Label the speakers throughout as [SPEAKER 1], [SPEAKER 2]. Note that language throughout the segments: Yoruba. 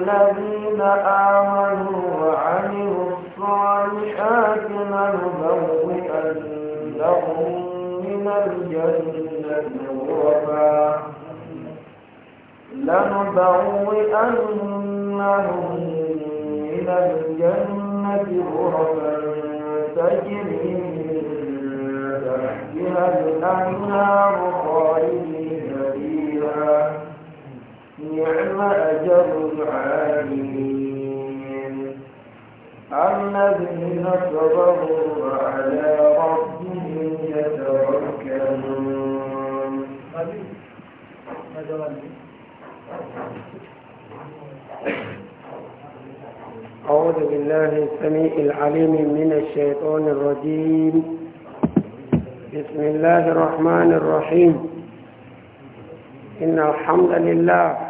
[SPEAKER 1] الذين آمنوا وعملوا الصالحات لنبوئنهم من الجنة غرفا لنبوئنهم من الجنة غرفا تجري من تحتها الأنهار خالدين نعم أجر العالمين الذين صبروا على ربهم يتوكلون
[SPEAKER 2] أعوذ بالله السميع العليم من الشيطان الرجيم بسم الله الرحمن الرحيم إن الحمد لله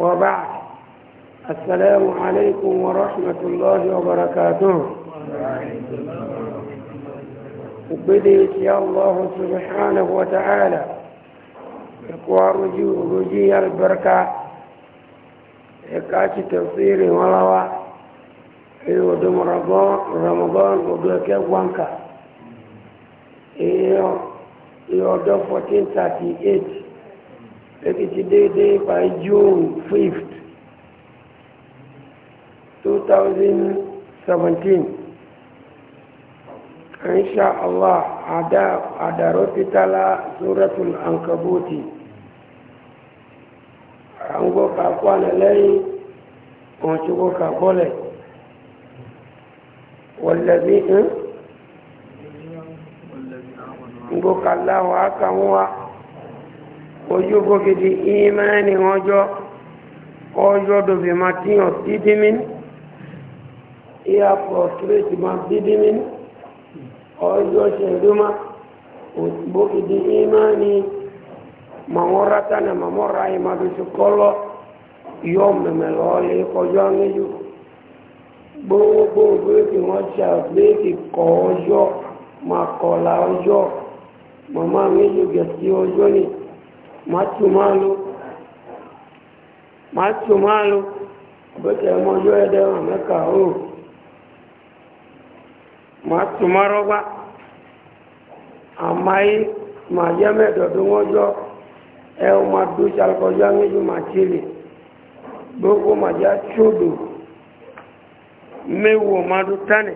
[SPEAKER 2] وبعد السلام عليكم ورحمة الله وبركاته وبديت يا الله سبحانه وتعالى ورجو رجي البركة إكاتي تفسير ولوا إيه ودم رمضان رمضان ودوك وانكا إيه يودو 1438 èkìtì déédéé by june 5th 2017 insha allah àdàrọ́ títàlá suratul ankabuti àwọn gbọ́ka kwana lẹ́yìn ohun tí gbọ́ka bọ́lẹ̀ wọ̀lẹ̀bí ń eh? gbọ́ka láwọ̀ ákàwọn ojúgbó gidi ìmẹ́ni ọjọ́ ọjọ́ dòbí ma tíyàn dídímín ìyàpọ̀ kírètì ma dídímín ọjọ́ ṣẹ̀dúmá òtùgbó gidi ìmẹ́ni mọ̀mọ́rátà ní mọ̀mọ́ra ìmọ̀dúnṣe kọ́lọ́ yọ mẹ̀mẹ̀ lọ́ọ́lẹ̀ kọjọ́ níjú gbogbo bíréèkì wọ́n ṣe àbíréèkì kọ̀ ọjọ́ ma kọ̀ọ̀la ọjọ́ mọ̀mọ́ méjì gẹ̀ẹ́sì ọjọ́ nìí mátùmálò mátùmálò ọ̀bẹ̀tẹ̀ ọmọdé ẹ̀dẹ́ wọn mẹ́ka ó mátùmárọ́gbá àmáyé màá jẹ́ mẹ́ẹ̀dọ̀dún ọjọ́ ẹ ọ máa dún ṣàlùkọjọ́ méjì máa tẹ̀lé gbogbo màá jẹ́ àtsódò méwò máa dún tánì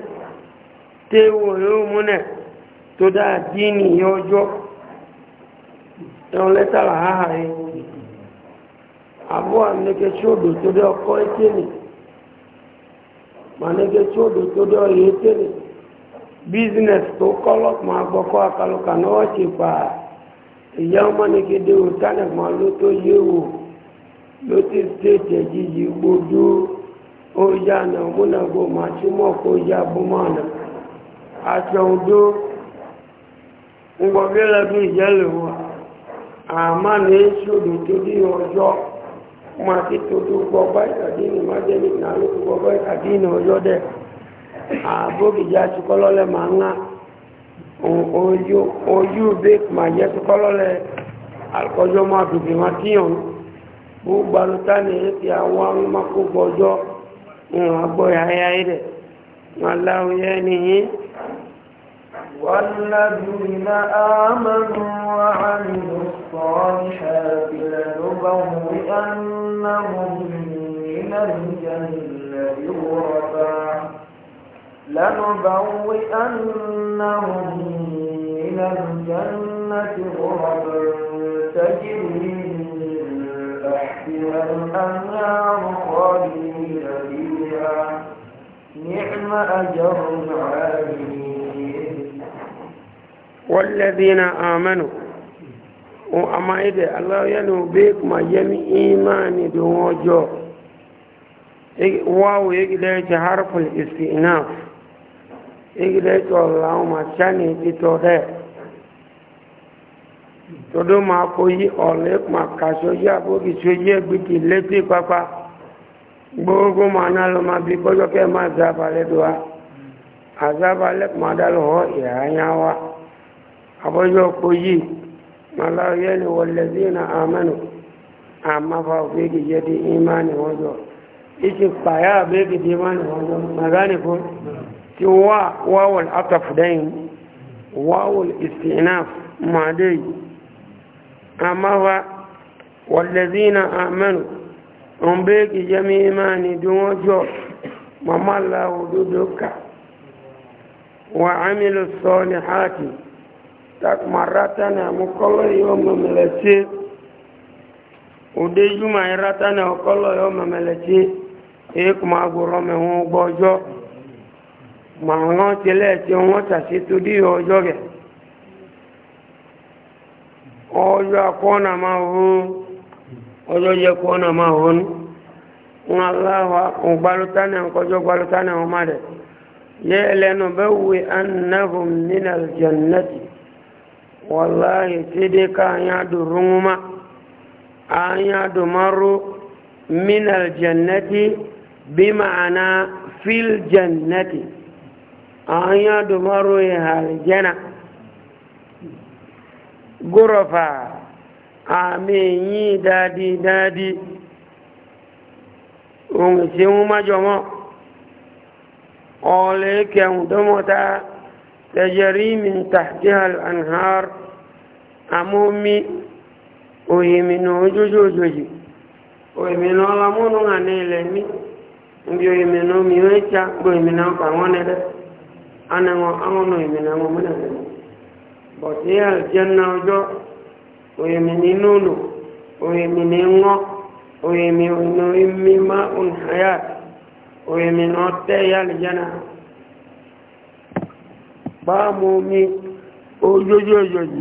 [SPEAKER 2] téwò yóò múnẹ̀ tó dáa dín ní ọjọ́ ẹ̀rọ lẹ́tà làhàhà yìí àbọ̀ ànẹ́kẹ́ tí ó dòtó dé ọkọ̀ ẹ̀tẹ́nì mànẹ́kẹ́ tí ó dòtó dé ọyẹ ẹ̀tẹ́nì bísínẹ̀sì tó kọ́ lọ́pọ̀ àgbọ̀kọ́ àkàlùkà náà wọ́n ti pa ìyá ọmọ nìkẹ́ dé wò tánẹ̀ mọ́ ló tó yé wò ló ti stéètì ẹ̀jí yìí gbójú ó yá nà múnàgbò màá tí mọ̀ kó yá búmọ̀ nà àtẹ̀wò dó ń gbọ́ bí ẹlẹ́bí ìjẹ́lẹ̀ wọ̀ àmá ní ṣòdò tó dí ọjọ́ ma ti tó tó gbọgbá ìtàdí ní má jẹ́ nìkan àlókù gbọgbá ìtàdí ní ọjọ́ dẹ̀ ma tukọ́lọ́lẹ̀ máa ń ná ojú bẹ́ẹ̀ máa jẹ́ tukọ́lọ́lẹ̀ àkọjọ́ máa ma máa ní àwọn rẹ̀ nìyí
[SPEAKER 1] والذين آمنوا وعملوا الصالحات لنبوئنهم من الجنة غرفا لنبوئنهم من الجنة غرفا تجري من تحتها الأنهار خالدين فيها نعم أجر العالمين
[SPEAKER 2] والذين آمنوا ama ide allah yanu be kuma yami imani don wajo wawo ya gida ya ce harfin istinaf ya gida ya ce allahu mace ne fito da todo ma ko yi ole ma ka so ya so ye gbi ki leti papa gbogbo ma na lo ma bi bojo ma zaba ba le do wa azaba le ma da lo ho ya wa abojo ko yi mala yeli wallazina amanu amma fa bigi yadi imani hojo ichi paya bigi imani hojo magani ko ti wa wawul ataf dain wawul istinaf ma dai amma fa wallazina amanu on bigi jami imani dunwojo mamalla wududuka wa amilu salihati takmarata na mukolo yo memeleti udeju mairata na okolo yo memeleti e kuma goro me hun gbojo ma ran tele ti won ta se to di ojo ge ojo akona ma hu ojo je kona ma hun Allah wa gbaluta na nkojo gbaluta na o ma de ye lenu be wi annahum min aljannati والله سيدك أن يعد الرمومة أن يعد مر من الجنة بمعنى في الجنة أن يعد مر إلى الجنة غرفة آمين دادي دادي ونسيم ما جمع أولئك يوم تجري من تحتها الأنهار àmómi òhèmìnà ojójó ha òhèmìnà ọlámúnú àná ilẹ̀ ní ibi òhèmìnà omi ó ẹ̀chá gbòhèmìnà na àwọn ẹ̀rẹ́ anẹ́wọ̀n àwọn òhèmìnà wọn múlẹ̀ bọ̀tí àjẹ́nà ọjọ́ òhèmìnà inú òlò òhèmìnà ńwọ́ òhèmìnà mímá òhàyà òhèmìnà ọtẹ́ na bá mú omi ojójó òjòjì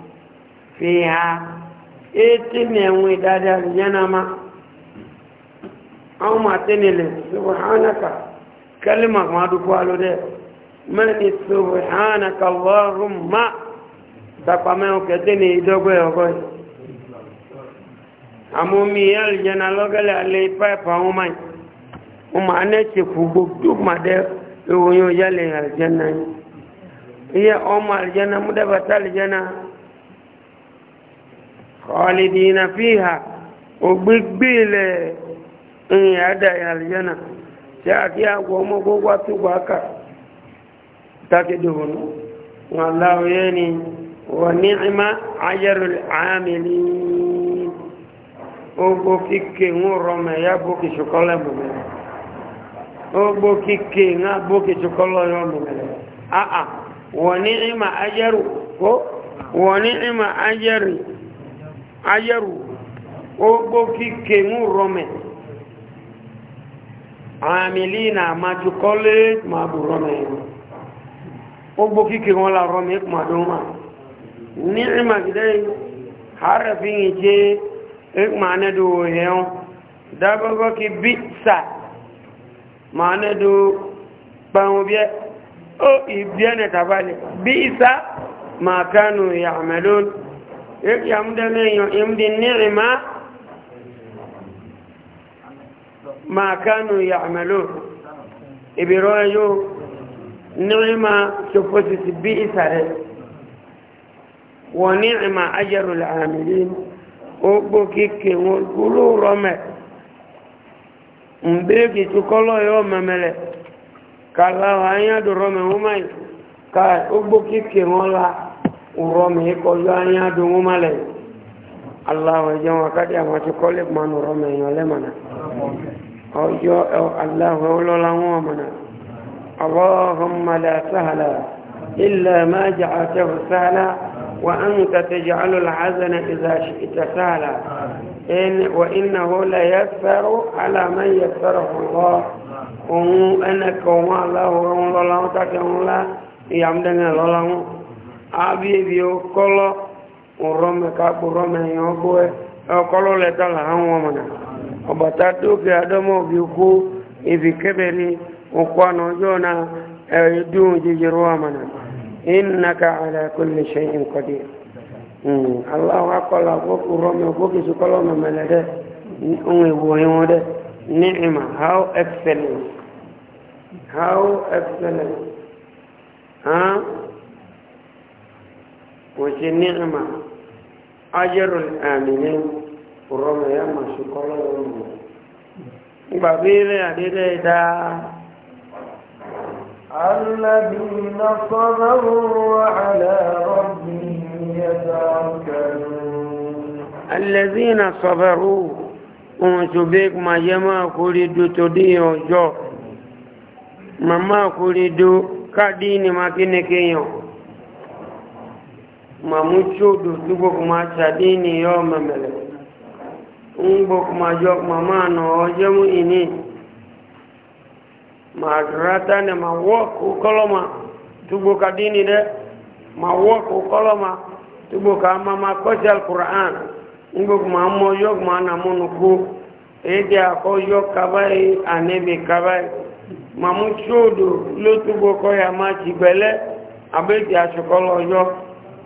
[SPEAKER 2] فيها اتم يومي دادا الجنما أو ما تنل سبحانك كلمة ما دفعلوا ده من سبحانك اللهم تقاموا كتني دوغو يوغو amomi ẹlìjẹna lọ́gẹ́lẹ̀ alẹ́ ipá ẹ̀fà wọn máa ń ma anẹ́tì fún gbogbo màdẹ́ ìròyìn òyàlẹ̀ ẹlìjẹna yìí iye ọmọ ẹlìjẹna múdẹ́bàtà ẹlìjẹna khalidina fiha ògbégbé ilẹ̀ ìyìn àdáyà àlìyànà tí a kí àgbọ̀ ọmọ gbogbo àtúgbà kà tákìdòhùn wọn láwọ́yẹ́ ni wọ́n ní ìmá ayẹ́rù àmìlì ogbo kíkè ń rọmọ ya bókè ṣokọ́lẹ̀ mọ̀mẹ́lẹ̀ ogbo kíkè ayẹ́rù ogbó kíkè ń rọmẹ̀ àmìlí nà àmájú máa bù rọmẹ̀ ogbó wọn la rọmẹ̀ ní ìmàgídẹ́ fi ń jẹ́ ìkùmà nẹ́dù òhèun dágbọ́gbọ́ kí bí sà máa nẹ́dù pẹ̀hùn bíẹ́ ó tàbálẹ̀ bí sà máa kánú yake amda meyo imdi ni'ma ma kanu ya'malu ibiroyo ni'ma supposed bi isare wa ni'ma ajru al-amilin ogbo kike won gulu rome mbeki tukolo yo mamele kala hanya do rome umai ka ogbo kike won la urome kọjọ anya dungu malẹ aláwọ̀ ẹjọ́ wọn kájí àwọn ti kọ́lé mọ́nù rọmọ èèyàn lẹ́mọ̀nà ọjọ́ aláwọ̀ ọlọ́lá wọn mọ̀nà اللهم لا سهلا إلا ما جعلته سهلا وأنت تجعل الحزن إذا شئت سهلا إن وإنه ليسر على من يسره الله أنك وما الله ورم الله تكون الله يعمدنا الله abiebi kɔlɔ ŋrɔmɛ kakpo rɔmɛ yɔ kɔɛ ɔkɔlɔ lɛ ta la hàn wɔmɛ na ni na na innaka ala kulli shay'in qadir mm allah ewu how excellent how excellent Huh? وجنعما أجر الآمنين ورمى يما شكرا يوم بابيلي أدري دا
[SPEAKER 1] الذين صبروا وعلى ربهم يتوكلون
[SPEAKER 2] الذين صبروا وجبيك ما يما كوريدو تدي وجو مما كوريدو كديني ما كيني كينيو mamuchudu tukok macha dini yo mamele umbok ma jok mamano ojemu ini marata ne mawok ukoloma tubo ka dini de mawok ukoloma tubo ka mama kochal Qur'an umbok ma mo jok mana munuku ede ako jok kabai anebi kabai mamuchudu lutubo ko ya machi bele abeti achokolo jok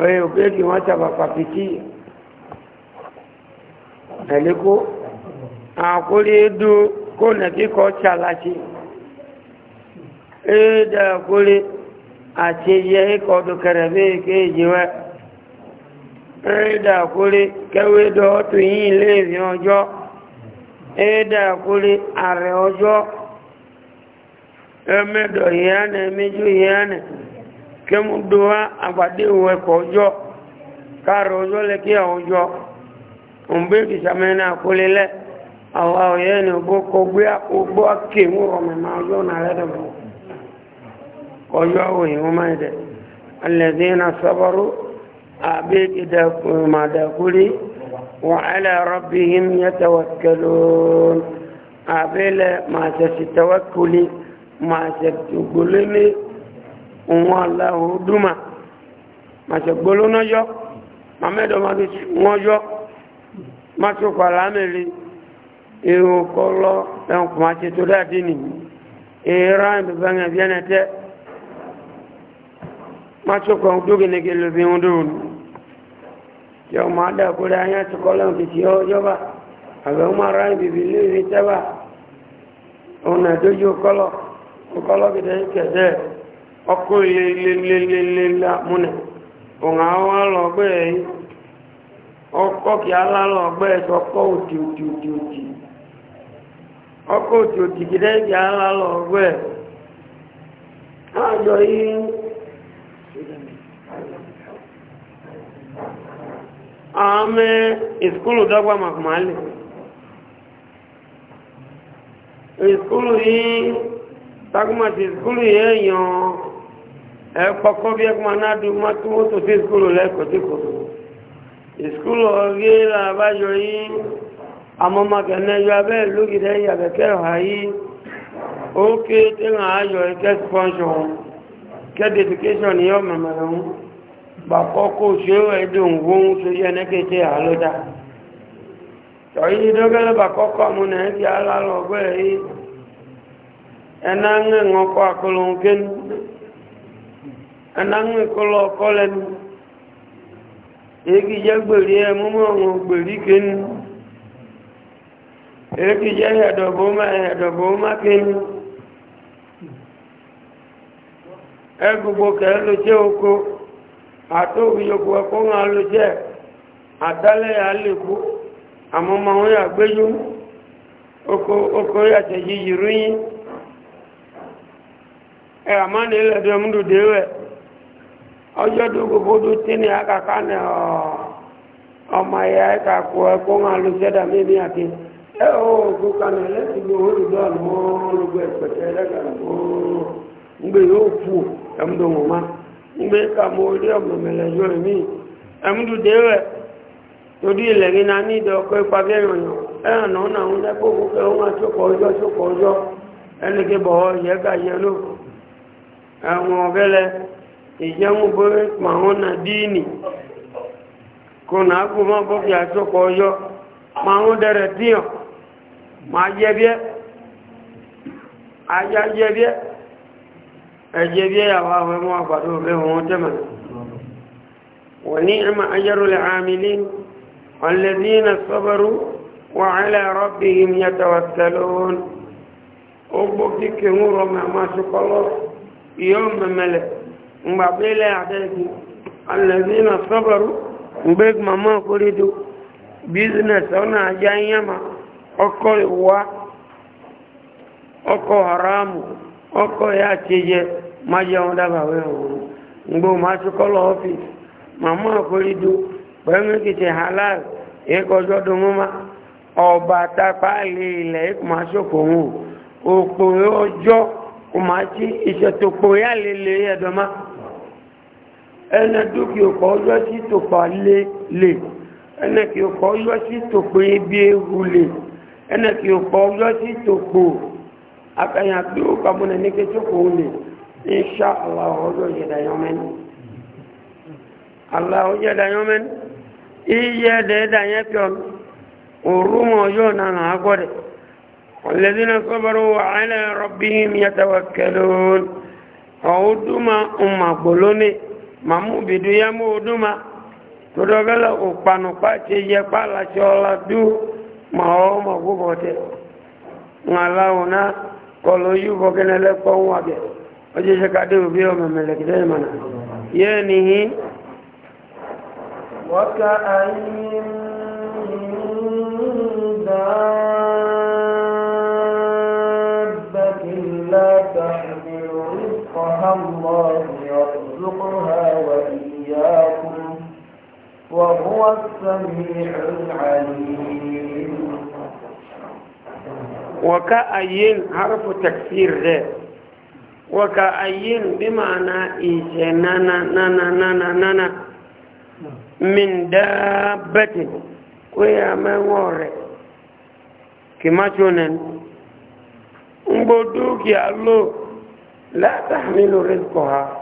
[SPEAKER 2] wewe ubegi wacha papapitia eliko akuli du kuna kiko chalachi eda kuli acheye iko do karabe kejiwa eda kuli kewe do tu yin le vyojo eda kuli are ojo emedo yana meju kẹmúdó wa àgbàdé òwò ẹkọ ọjọ káàrọ ọjọ lẹkẹ ọjọ òǹbẹ kìsàmẹ náà kólé lẹ àwọn ọyẹ ni òbó kọ gbé ògbó kéwù rọmọmọ ọjọ náà lẹdọmọ ọjọ òyìn wọn máa dẹ alẹdẹ náà sọbọrọ àbí ìdàkùnmàdàkùrí wọn ẹlẹ rọbì yìí ń yẹtẹ wọkẹló àbí lẹ màá ṣe ṣe tẹwọkùlì màá ṣe gbólé ní òun aláwọ̀ dúmà màṣẹ̀gbóló náà yọ́ màmẹ́dọ̀ máa fi wọ́n yọ́ máa tó pa lámẹ́rin èrò kọlọ ẹ̀kùn máa ṣe tó dáadé nìyí èrò ìbẹ̀bẹ̀ ẹ̀bí ẹ̀nà tẹ́ máa tó pa ohun dókè nìkè lóbi ohun dóhùn tí ọ máa dà kó dáa yẹn ti kọ́lọ́ kìtì ọjọ́ bá àbẹ̀ ọmọ ara ìbìbì lè rí tẹ́ bá ọ̀nà ìdójú kọ́lọ́ kọ́lọ́ kìtẹ́ kẹ̀tẹ́ ẹ̀ ọkụ lelelelele múnẹ òun àwọn alọgbẹ ọkọ kì alálọgbẹ ọkọ òtì òtì òtì oti. ọkọ òtì òtì kì dẹ́kì alálọgbẹ
[SPEAKER 1] àjọ yìí
[SPEAKER 2] àmì ìsukúlù dọ́gba màkùmálì ìsukúlù yìí takumati ìsukúlù yìí èèyàn. ẹ̀kọ́kọ́ bí ẹkùn máa náà dùn máa tún mọ́tò sí ìskúlù lẹ́kọ̀ọ́ tí kò ìskúlù ọ̀rí yi yìí ya abẹ́ lókìdẹ́ yàbẹ̀kẹ́ ọ̀há yìí ó ké tẹ́ràn ayọ̀ test function kẹ́dì education yọ mọ̀mọ̀rẹ̀ ń gbàkọ́ kó ṣe ó ẹ̀dùn wọ́n anáhùn ìkọlọ ọkọ lẹ́nu èkì jẹ́ gbèrí ẹ múmọ́ àwọn gbèrí kínú èkì jẹ́ ẹ̀dọ̀bọ̀ má ẹ̀dọ̀bọ̀ má kínú ẹ gbogbo kẹ́ ló jẹ́ oko àtòwìyòkó ẹ̀kọ́ wọn ló jẹ́ àtàlẹ́ àlékú àmọ́ ma wọ́n yà oko oko ọjọ́ tó gbogbo tó tí ní àkàkà ní ọmọ ẹ̀yà ẹ̀ka ẹ̀kọ́ alùsẹ́dà mímí àti ẹ̀ ó olùdó àlùmọ́ ẹ̀pẹ̀tẹ̀ ma ngbe ka mo rí ọmọ mẹlẹ yọ èmi ẹ̀mdò dé rẹ̀ na ní ìdọ̀ ọkọ̀ ipa bẹ́ẹ̀ yọ̀nyọ̀ ìjẹun bó pàwọn na díìnì kò náà kú mọ́ bó fi àtúkọ̀ ọyọ́ pàwọn dẹ̀rẹ̀ tíyàn máa jẹ́bíẹ́ ajá jẹ́bíẹ́ ẹjẹ́bíẹ́ yàwó àwọn ẹmọ́ àgbàdo rẹ̀ wọ́n tẹ́mẹ̀ wọ́n ní ẹmà ajẹ́rù lẹ́ àmìlí ọ̀lẹ́dínà sọ́bẹ̀rù wà álẹ́ rọ́bìhìm yàtọ̀wọ̀tẹ̀lọ́wọ́n ó gbó kíkẹ́ ń rọ mẹ́mọ́ àtúkọ́ lọ ìyọ́ mẹ́mẹ́lẹ̀ مبابيلا عدالتي الذين صبروا مبيك mgbe كوريدو بيزنس انا ọ na وا اوكو حرام ọkọ يا ọkọ ما جاون دابا ويو ngbo ma mgbe kọlọ ọfíìsì màmá àforídó pẹ̀lú kìtì halal ẹkọjọ́ ẹnẹ dúkìá ọkọ̀ ọjọ́ sí tòpá lé lè ẹnẹ kí ọkọ̀ ọjọ́ sí tòpó ibi ewu lè ẹnẹ kí ọkọ̀ ọjọ́ sí tòpó akẹyìn àti òkàmúnẹ ní kẹsíkò lè inṣá aláwọ̀ ọjọ́ ìyẹ̀dàyọ́mẹ́ni aláwọ̀ ìyẹ̀dàyọ́mẹ́ni iyẹ̀dẹ̀ẹ́dàyẹ́pẹ́ọ̀nù ورموا وجوهنا عقد والذين صبروا على ربهم يتوكلون عودوا ما أم قلوني mamu bidu ya mu uduma tudogala upanu pache ya pala chola du maoma gubote ngalauna kolo yubo kenele kwa wage oje shakade ubio memele kidele mana yeni hi
[SPEAKER 1] وكأين من دابة لا تحمل رزقها الله يرزقها وإياكم وهو السميع العليم
[SPEAKER 2] وكأين حرف تكسير ده وكأين بمعنى إيش نانا نانا نانا نانا من دابة ويا من ورد كما تونن نبدوك يا الله لا تحمل رزقها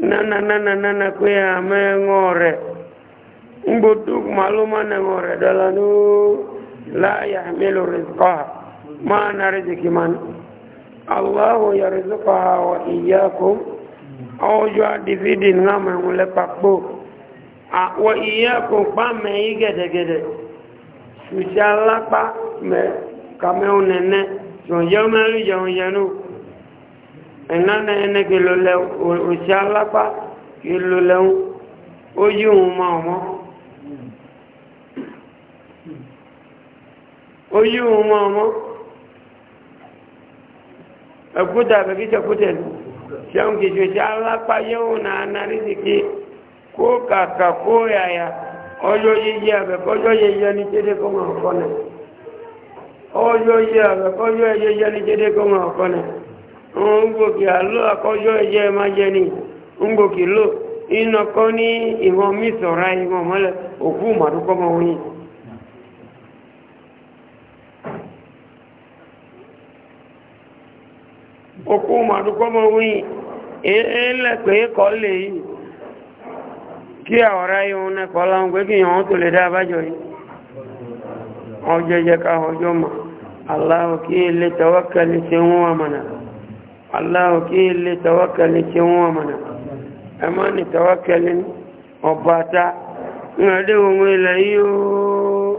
[SPEAKER 2] nana nana nana kwe ya me ngore mbutuk maluma na ngore dalanu la yahmilu rizqaha maana riziki man Allah yarzuqaha wa iyyakum au jwa dividi ngama ngule pakbo a wa iyyakum pa me igede gede sujala pa me kame unene jonjama lu jonjanu ẹ̀nánà ẹni kìlò lẹ òṣì alápá kìlò lẹ́hún ó yí òun ọmọ ó yí òun ma ọmọ ẹ̀kúta bẹ̀kítẹ̀ kútẹ̀ ṣe alápá yẹ́hùn náà náríṣìkí kó kàkà kó yàyà ọjọ́ yíyí tẹ́lẹ̀ kọ́ náà ọjọ́ yíyí àbẹ̀kọ́jọ́ yẹyẹ ní tẹ́lẹ̀ kọ́ ngòkè àlọ́ àkọ́jọ́ ẹ̀jẹ̀ ma jẹ e, ni ngòkè lò iná kọ́ ní ìwọ̀n mi sọ̀ra ìwọ̀n mọ́lẹ̀ òkú màdúkọ́ mọ́ oyin. òkú màdúkọ́ mọ́ oyin èélẹ̀ pé kọ́ lè yìí kí àwọ̀rá ìhun náà láwọn pé kí ìhun tó lè dá abájọ yìí ọjọ́ jẹ́ aláwọ̀ kí aláwọ̀ kí ilé tọwọ́kẹ̀lẹ̀ tí wọ́n mọ̀nà ẹmọ́ ni tọwọ́kẹ̀lẹ̀ ọ̀bàtà ń adé ohun ilẹ̀ yóò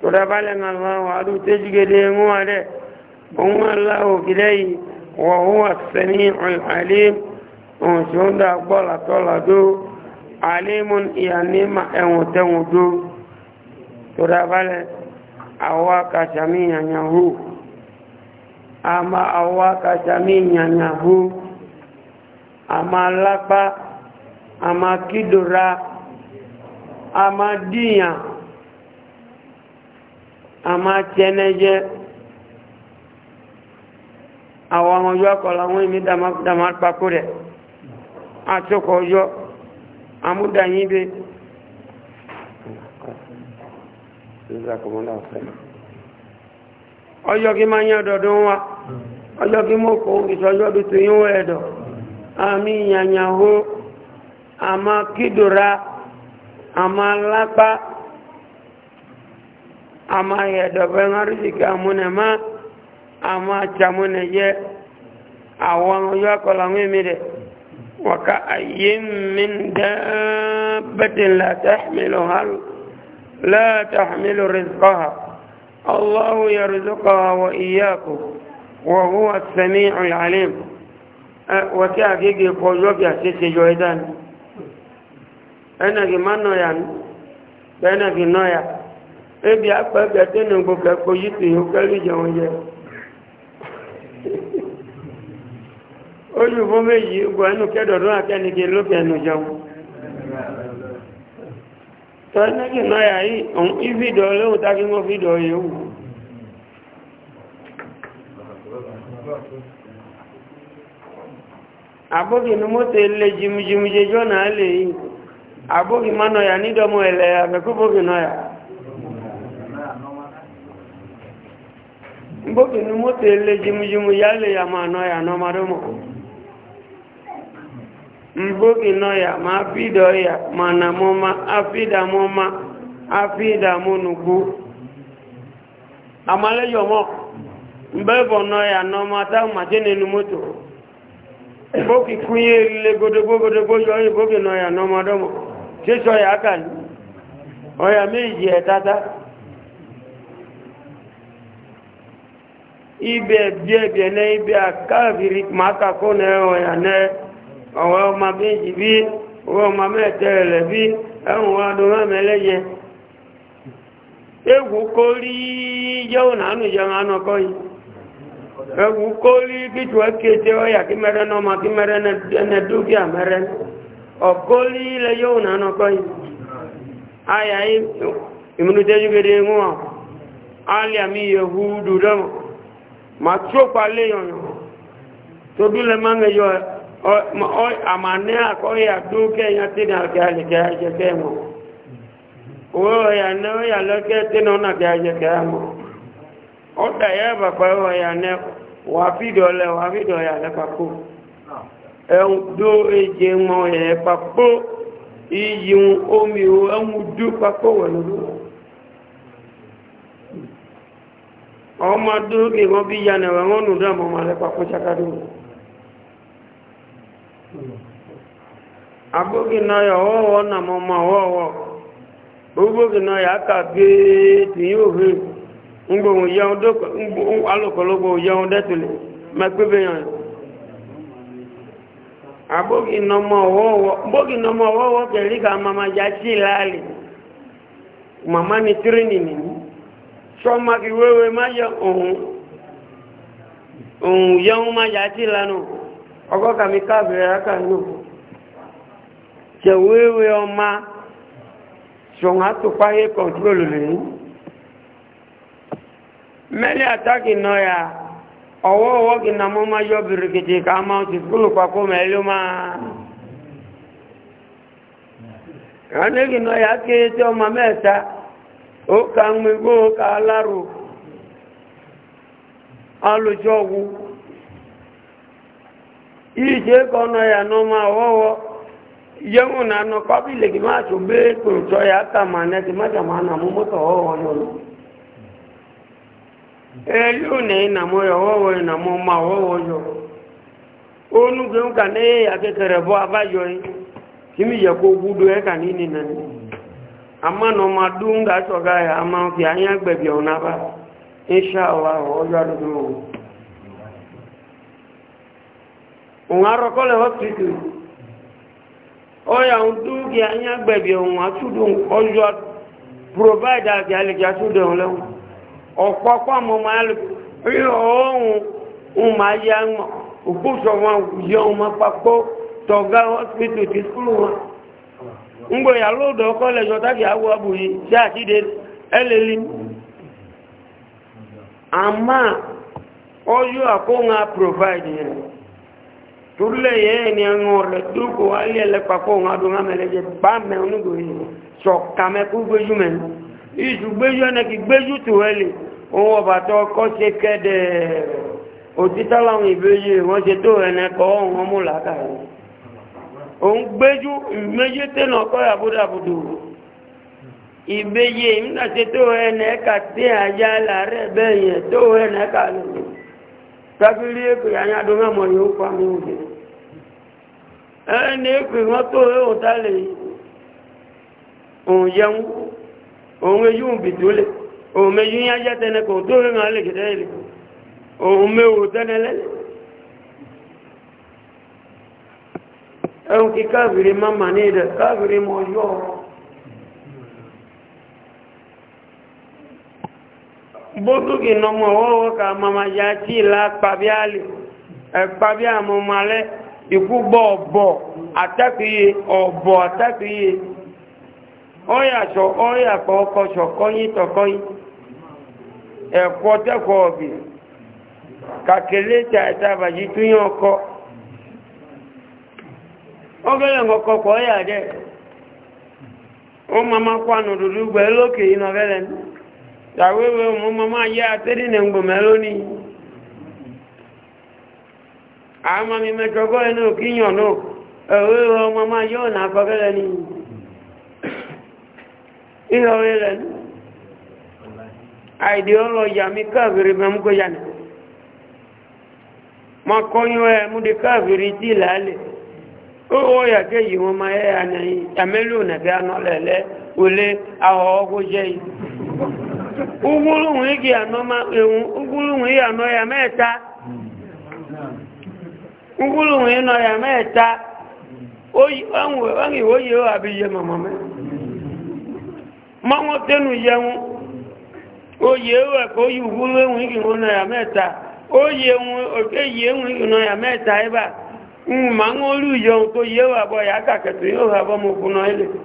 [SPEAKER 2] tọ́dábálẹ̀ aláwọ̀ adú tẹ́júgẹ́dẹ́ ẹ̀wọ́n adẹ́ ohun wọ̀húwà sẹ́ni ọ̀lẹ́ ohun tí ó ń dá gbọ́ làtọ́ làdó alimun yanima ẹ̀wọ̀n tẹ́wọ̀n dó tó dábálẹ̀ àwọn akàṣàmì ìyànyàwó a ma àwọn akàṣàmì ìyànyàwó a ma lápá a ma kídòrá a ma díyàn a ma tẹ́nẹ́jẹ́ àwọn ọmọ ọjọ́ akọ̀lá wọn amuda yin be nza ko mo na fe ojo ki ma yan dodun wa ojo ki mo ko ni so ojo bi tin o edo ami yanya ho ama kidura ama lapa ama edo be ngari ki amune ma ama chamune ye awon yo ko la mi mi de وكأي من دابة لا تحملها لا تحمل رزقها الله يرزقها وإياكم وهو السميع العليم أه، وكأكيكي لك يا سيسي جويدان أنا كما نويا أنا كي نويا إبي أكبر كتنين بكا كويتي وكالي جوانجي olùfó méjì gbọ́ ẹnu kẹ́dọ̀dún akẹ́nìkè lókè ẹnu jẹun
[SPEAKER 3] tọ́jọ́jì náà yà yí ìfìdọ̀
[SPEAKER 2] lóhun tákí wọ́n fìdọ̀ yóò àbókì ni mo tẹ lè jìmìjìmì jẹjọ́ náà lè yí àbókì má yà náà yà tẹ lè lè yà máa yà mbogi ya ma afido ya mana mụma, moma afida moma afida munugu amale yomo mbebo noya no mata majene nu moto boki kunye le godo godo godo yo boki noya no madomo se so ya kan oya meji etata ibe bie bie ma ibe akaviri maka kone na ne ọ̀wọ́ ọmọ méjì bí ọwọ́ ọmọ mẹ́tẹ̀ẹ̀lẹ̀ bí ẹ̀hùn ọdún mẹ́mẹ́lẹ́yẹ egwu kórí yóò nánú jẹun anọkọ yìí egwu kórí kìtù ẹkẹtẹ ọyà kí mẹrẹ náà ma kí mẹrẹ ẹnẹ dúkìá mẹrẹ ọkórí ilẹ̀ yóò nánọkọ yìí ayà yìí ìmúnutẹ́jú gẹ́gẹ́ ń wọ́n alìàmì yehu dùdọ́mọ̀ ma tí ó pa léyọ̀nà tó dúlẹ̀ máa ń yọ ẹ̀ àmàní àkọ́rí àdúkẹ́ ìyàn tí ní àkẹ́ àlèkẹ́ àjẹ́kẹ́ mọ̀ owó ọ̀yàní tí ní ọ̀nàkẹ́ àjẹ́kẹ́ mọ̀ ó dàyẹ́ bàpá ọ̀yàní wà fídọ̀ọ̀lẹ̀ wà fídọ̀ọ̀yàlẹ́ papò ẹ̀hùn dó èjè mọ̀ ẹ̀ papò iyìun omi ẹ̀hùn dú papò wẹ̀lú ọmọdé ìwọ́n bí yanẹ̀wẹ̀ wọn nù dá abụghị na ya ọghọghọ na mụma ọghọghọ ụgbọghị na ya aka bee tinye ohe mgbe alụkọlọgbọ ya detụlị mekpebe ya abụghị na ọma ọghọghọ kere ka mama ya mama ni tirinini sọma kì wéwé má ya ọhụ òun yẹun má ya á aka tẹ̀wéwé ọma ṣùgbọ́n àtúpáyé kọ̀ntrólù rèé mẹ́lẹ̀ àtàkì náà yà ọwọ́ ọwọ́ kì náà mọ́ máa yọ bìrìkìtì ká máa ti kúrò papọ̀ mẹ́lẹ̀ máa ránẹ́kì náà yà kéé tí ọmọ mẹ́ta ó ka ń gbégbó ká lárò alùjọ́ wu yìí kọ́ náà yà náà máa wọ́wọ́ yẹ́wọ̀n náà nọ pàbílẹ̀ kí máa tó gbé pèròtọ́ ya kàmà náà ti májà máa nà mú mọ́tọ̀ ọwọ́ lọ́nà ẹlú ní ìnàmọ́ ọwọ́ ìnàmọ́ ma ọwọ́ yọ onúgbé ń kà ní akẹ́kẹ̀rẹ̀ bọ́ abájọ yìí kí mi yẹ kó gúdó ẹ kà ní nìna a máa fi àyàn gbẹ̀bì ọ̀nà hospital oya ndu ki anya gbebi ohun atudu ojo provider ki ale ki atudu ohun lehun ma le ri ohun un ma ya toga hospital ti school won ngbo ya lodo college ota ki awo abu yi a atide eleli ama oyo akonga provide here turle ye ni ngorle du ko alle le pa ko ngadu ngamele je bamme onugo yi so kame ku gbeju men isu gbeju na ki gbeju tu ele o ba to ko se kede otita lawon ibeje won se to ene ko won mu la ka yi o gbeju meje te na ko ya buda budu ibeje mi na se to ene ka te aja la re be yen to ene ka lo tábìlì èkó anya àdúgbò àmọ̀ yóò pa mí òde ẹni èkó wọn tó ẹ̀hùn tálẹ̀ òun jẹun òun ejú bìtúlẹ̀ ya mejú yájá tẹ́nẹ kò tó ẹ̀hùn alẹ́ kìtẹ́ ilẹ̀ òun mẹ́wò tẹ́nẹ lẹ́lẹ̀ ẹ̀hùn kí káàbìrì nọ nọmọ ọwọ́wọ́ ka mama ya tí ìlà pàbí àlè ẹ̀pàbí àmọ́malẹ́ ìkúgbọ́ ọ̀bọ̀ àtẹ́kìyè ọ̀bọ̀ àtẹ́kìyè ọ̀yàṣọ ọ̀yàpọ̀ ọkọ̀ṣọ̀ kọ́yìn tọ̀kọ́yìn ẹ̀kọ́ tẹ́kọ̀ ọ̀bì kàkèlé tàìtàbàjì túnyàn ọkọ̀ tàwéwé ọmọ máa yá àtẹ́dì nà gbòmẹ́ lónìí àmà mi mẹ́tọ́gọ́ ẹnu kíyàn náà ẹ̀wéwé ọmọ máa yọ́ ọ̀nà ìhọ̀wé rẹ̀ ní mi káàkiri mẹ́mú kó yà ní ma kọ́yún ẹ múdi káàkiri tí làálẹ̀ ó wọ́yà ya wọn máa yẹ́ àmẹ́lò nàbẹ́ ànọ́lẹ̀lẹ́ wọlé àwọ̀ ọkọ̀ jẹ́ yìí ugwulunwe gị ugwulunwe ya nọ ya mẹ́ta ugwulunwe nọ ya mẹ́ta ọ̀nwẹ̀ oyi o àbí iye mọ̀mọ̀ mẹ́ mọ́wọ́ tẹ́nu yẹun oye o ẹ̀kọ́ yìí gị nọ ya oyi oye oke yi enwe gị nọ ya ma ń olú yọun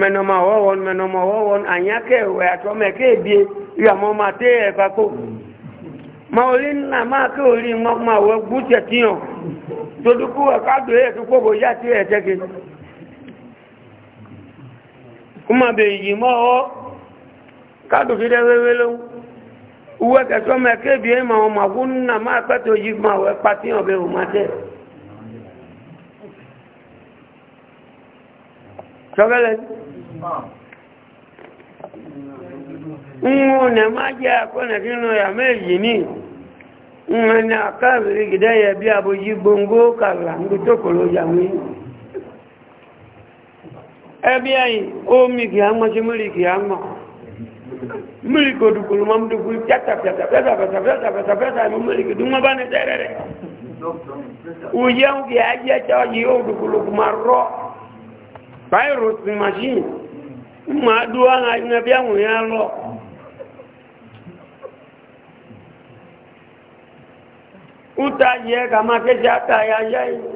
[SPEAKER 2] mẹnọmọ ọwọ́wọ́n mẹnọmọ ọwọ́wọ́n àyákẹ́ ìwẹ̀ àtọ́mẹ́kẹ́ èdè ìyàmọ́ máa tẹ́ ẹ̀fà kó ma orí ńlá máa kí orí mọ́kànlá wọ gúúsẹ̀ tíyàn tó dúkú ẹ̀kádò ẹ̀ tó kóbò yá tí ẹ̀ tẹ́kẹ́ kó máa bè yìí mọ́ ọwọ́ kádò fi dẹ́wẹ́wẹ́ ló wú ẹ̀kẹ́ sọ́mẹ́kẹ́ ìbí máa wọ́n máa kú ńlá máa pẹ́tò yìí máa wẹ́ pa tíyàn bẹ́ẹ̀ sọ́gẹ́lẹ̀ ń nẹ máa jẹ́ akọ́nà nínú ìyàmẹ́ èyí ní mẹ́ni àkáàbìrí gìdẹ́yẹ bí abojí gbóngbó kàlà ń tó kòrò yàmí ẹbí ẹ̀yìn ó mi kìí àmọ́ sí mílì kìí àmọ́ mílì kò dùkùrù mọ́ dùkù pẹ́tàpẹ́tàpẹ́tàpẹ́tà ní mílì kìí dùnmọ́ bá ní tẹ́rẹ̀ rẹ̀ òyẹ́ ń kìí ajẹ́ tọ́ yìí ó dùkùrù kùmà rọ́ virus machine mma adúwá na bí ya èèyàn ụta úta yẹ ma máa kéṣe áta ya yá yìí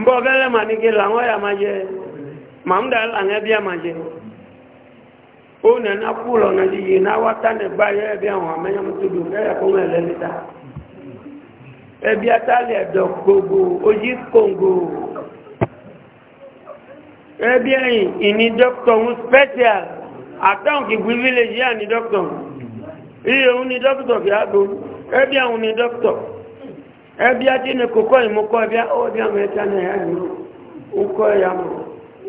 [SPEAKER 2] mbọ́ gẹ́lẹ́ mà ní kí làwọn ya máa jẹ ma làwọn ẹbí ya máa jẹ ó yẹ ya àwọn amẹ́yàmú tó dùn kẹ́yà kó mẹ́ ta ẹbí ẹ̀yìn ìní dọ́kítọ̀ ń special àtàwọn kìgbì village yà ní dọ́kítọ̀ iye òun ní dọ́kítọ̀ kì ya ẹbí àwọn ni dọ́kítọ̀ ẹbí ajé ní kókó ìmúkọ́ ẹbí àwọn ẹja náà yà ní ẹ̀yà mọ̀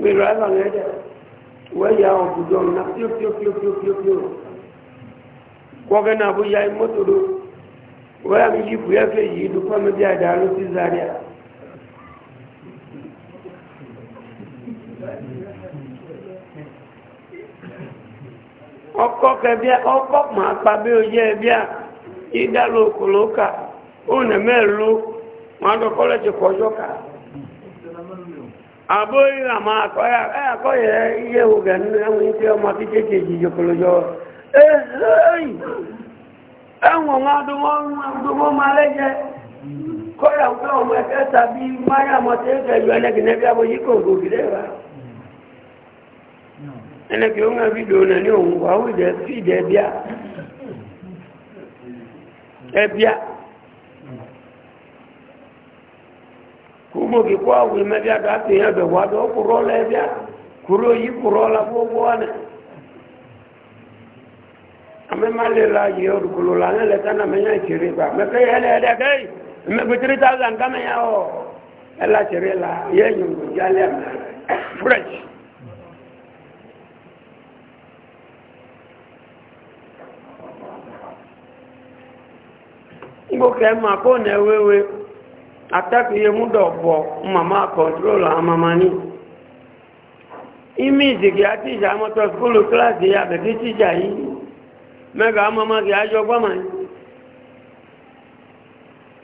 [SPEAKER 2] pẹ̀lú àgbà ẹ̀dẹ̀ wẹ́yà ọ̀bùdọ̀ ọ̀nà ọkọ kẹbíà ọkọ máa pa bí ó yẹ bíà ìdálò òkòlókà òun mẹ́lú wọn àdó kọ́lẹ́jì kọjọ́ ká àbó ìrà máa kọ́yà ẹ̀yà kọ́yà iye ògẹ̀ nínú ẹ̀wọ̀n ní yọ ẹlẹ́gìnẹ́bí abọ́ yìí kò gògìrẹ́ ẹnẹ́kì ó ń rán fídíò náà ní òun wà wùdẹ̀ fídẹ̀ ẹbíà ẹbíà kò mọ̀ kí kó àwọn ẹmẹ́bíà tó àti èèyàn bẹ̀ wá dọ́ kúrọ́ lọ ẹbíà kúrò yí kúrọ́ la gbogbo wa náà amẹ́málẹ́la yìí ọdùkúlù la ní ẹlẹ́ta náà mẹ́yà ìṣeré gbà mẹ́kẹ́ yẹ ẹlẹ́ẹ̀dẹ́ kẹ́yì mẹ́kẹ́ tírí tàzán kámẹ́yà ọ̀ ẹlá ìṣeré la yẹ́ yìí ń gbòjálẹ̀ fresh. mgboke ma ko na ewewe ataku ihe muda ọbọ mama kọntrol amamani ime izigi ya tija amọtọ skulu klaasị ya beki tija yi mega amama gị ajọ gbama yi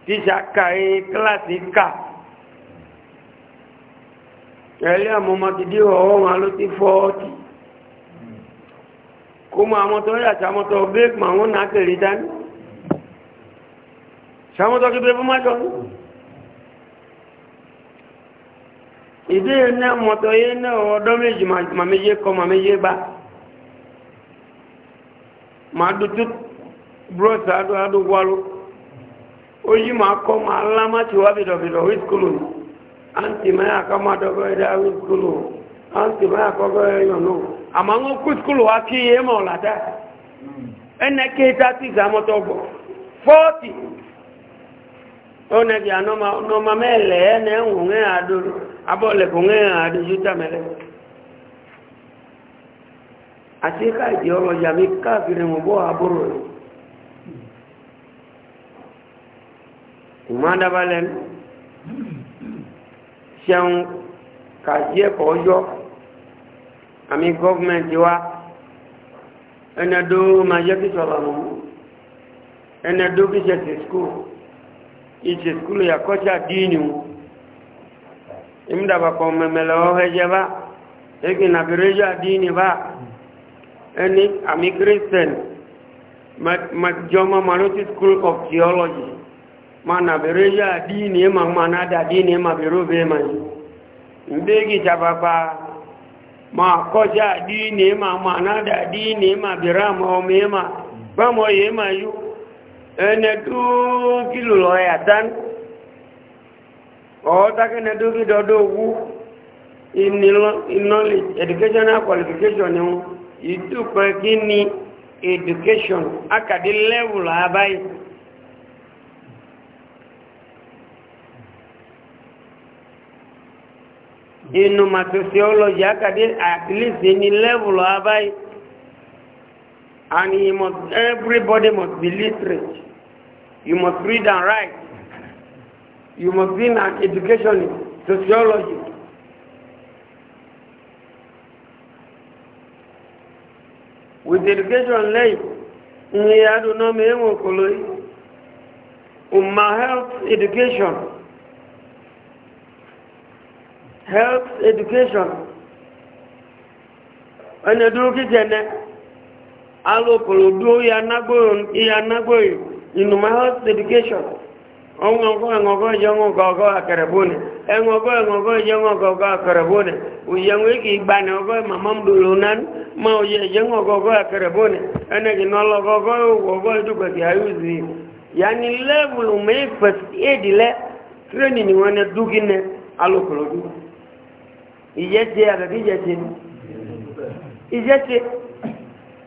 [SPEAKER 2] tija ka yi e klaasị ka ẹlẹ́ àmọ́mọ́ gidi ọwọ́ wọn ló ti kụmụ kó onye àmọ́tọ́ yàtọ̀ àmọ́tọ́ ma màwọn na tẹ̀lé sàmútọ́ kí bẹ́ẹ̀ fún má jọun ìdí iná mọ̀tọ̀ yé méjì kọ màmíyé bá bros oh, ma kɔ ma ala ma ti wa bidɔbidɔ wi sukulu ma ya kɔ ma dɔbɔ yi da wi sukulu anti ya kɔ bɔ yi yɔnu ama ŋo ku wa ti one dia no ma no ma mele ne unge adu abo le kunge adu juta mele asika yo lo ya mikka kire mo bo aburu kumanda balen siang kajie kojo ami government wa ene do ma yeki tola mo ene do bi jeki school ìtì skúlù yàkọ́tí àdínì ìmdàbàkọ̀ mẹ́mẹ́lẹ̀ ọ́hẹ́jẹ́ bá ẹgbẹ̀ nàbẹ̀rẹ́jọ́ àdínì bá ẹni àmì christian majọmọ manoti school of theology ma nàbẹ̀rẹ́jọ́ àdínì ma ma náà àdínì ma bẹ̀rọ bẹ́ẹ̀ ma yìí ndégi jababa ma kọjá àdínì ma ma náà àdínì ma bẹ̀rọ àmọ́ ọmọ ma gbámọ̀ yìí ma yìí ene tu kilu lo ya tan o oh, ta ke ne du ki do knowledge educational qualification ni itu pe ni education akadi level abai inu ma sociology akadi at least ni level abai And he must, everybody must be literate. You must read and write. You must be an educationist, sociologist. With education late, e I don't know me in Umma health education. Health education. And I do get alokolo do ya nagboyo ya nagboyo inu my health education ọ̀nà ọgọ́ ẹ̀ngọ́gọ́ ìjọngọ́ ọgọ́ akẹrẹ̀bónì ẹ̀ngọ́gọ́ ẹ̀ngọ́gọ́ ìjọngọ́ ọgọ́ akẹrẹ̀bónì òyẹ̀wò ikì ìgbàni ọgọ́ màmá ń dòrò náà ma òyẹ̀ ìjọngọ́ ọgọ́ akẹrẹ̀bónì ẹnẹ́gì nọ́lọ́gọ́gọ́ ọgọ́ ìdúgbẹ̀kì ayúzi yàní lẹ́wùlù mẹ́ first aid lẹ́ tírénì ni wọ́n dúkì ní alùpùpù ìjẹ́tì àbẹ̀kí ìjẹ́tì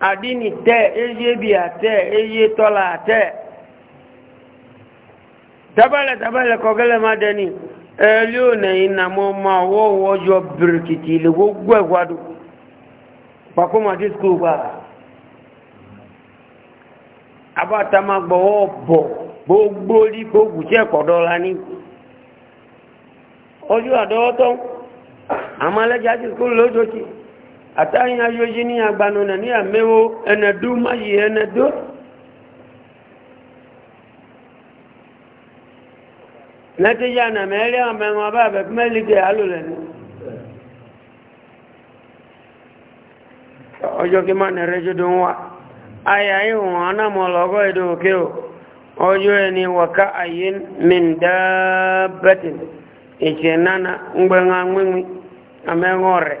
[SPEAKER 2] adini tɛ eye bia tɛ eye tɔla tɛ dabalɛ dabalɛ kɔgɛlɛ ma dɛni ɛlio nɛyi namɔ ma wɔwɔ yɔ birikiti le wo gbɛ wa do kpako ma di sukuu ba aba tama gbɔ wɔ bɔ gbogbo li ko gusɛ kɔdɔ la ni ɔjɔ adɔwɔtɔ amalɛ dza di sukuu lɛ o do tsi. àtàyìn ayójí ní agbanu nà ní àmẹ́wó ẹnẹ̀dú máyì ẹnẹ̀dó nẹ́tíjà nà mẹ́rẹ́ àmẹ́wọn abá àbẹ̀kú mẹ́lìkẹ́ alòlẹ́nu ọjọ́ kí máa nẹ̀rẹ́ jù dùn wá ayà ihùn anámọ̀lọ́gọ́ èdè òkè ò ọjọ́ ẹni wọ̀ká ayé mìndábẹ́tì ìṣẹ̀nánà ń gbẹ̀ngàn mímí àmẹ́wọn rẹ̀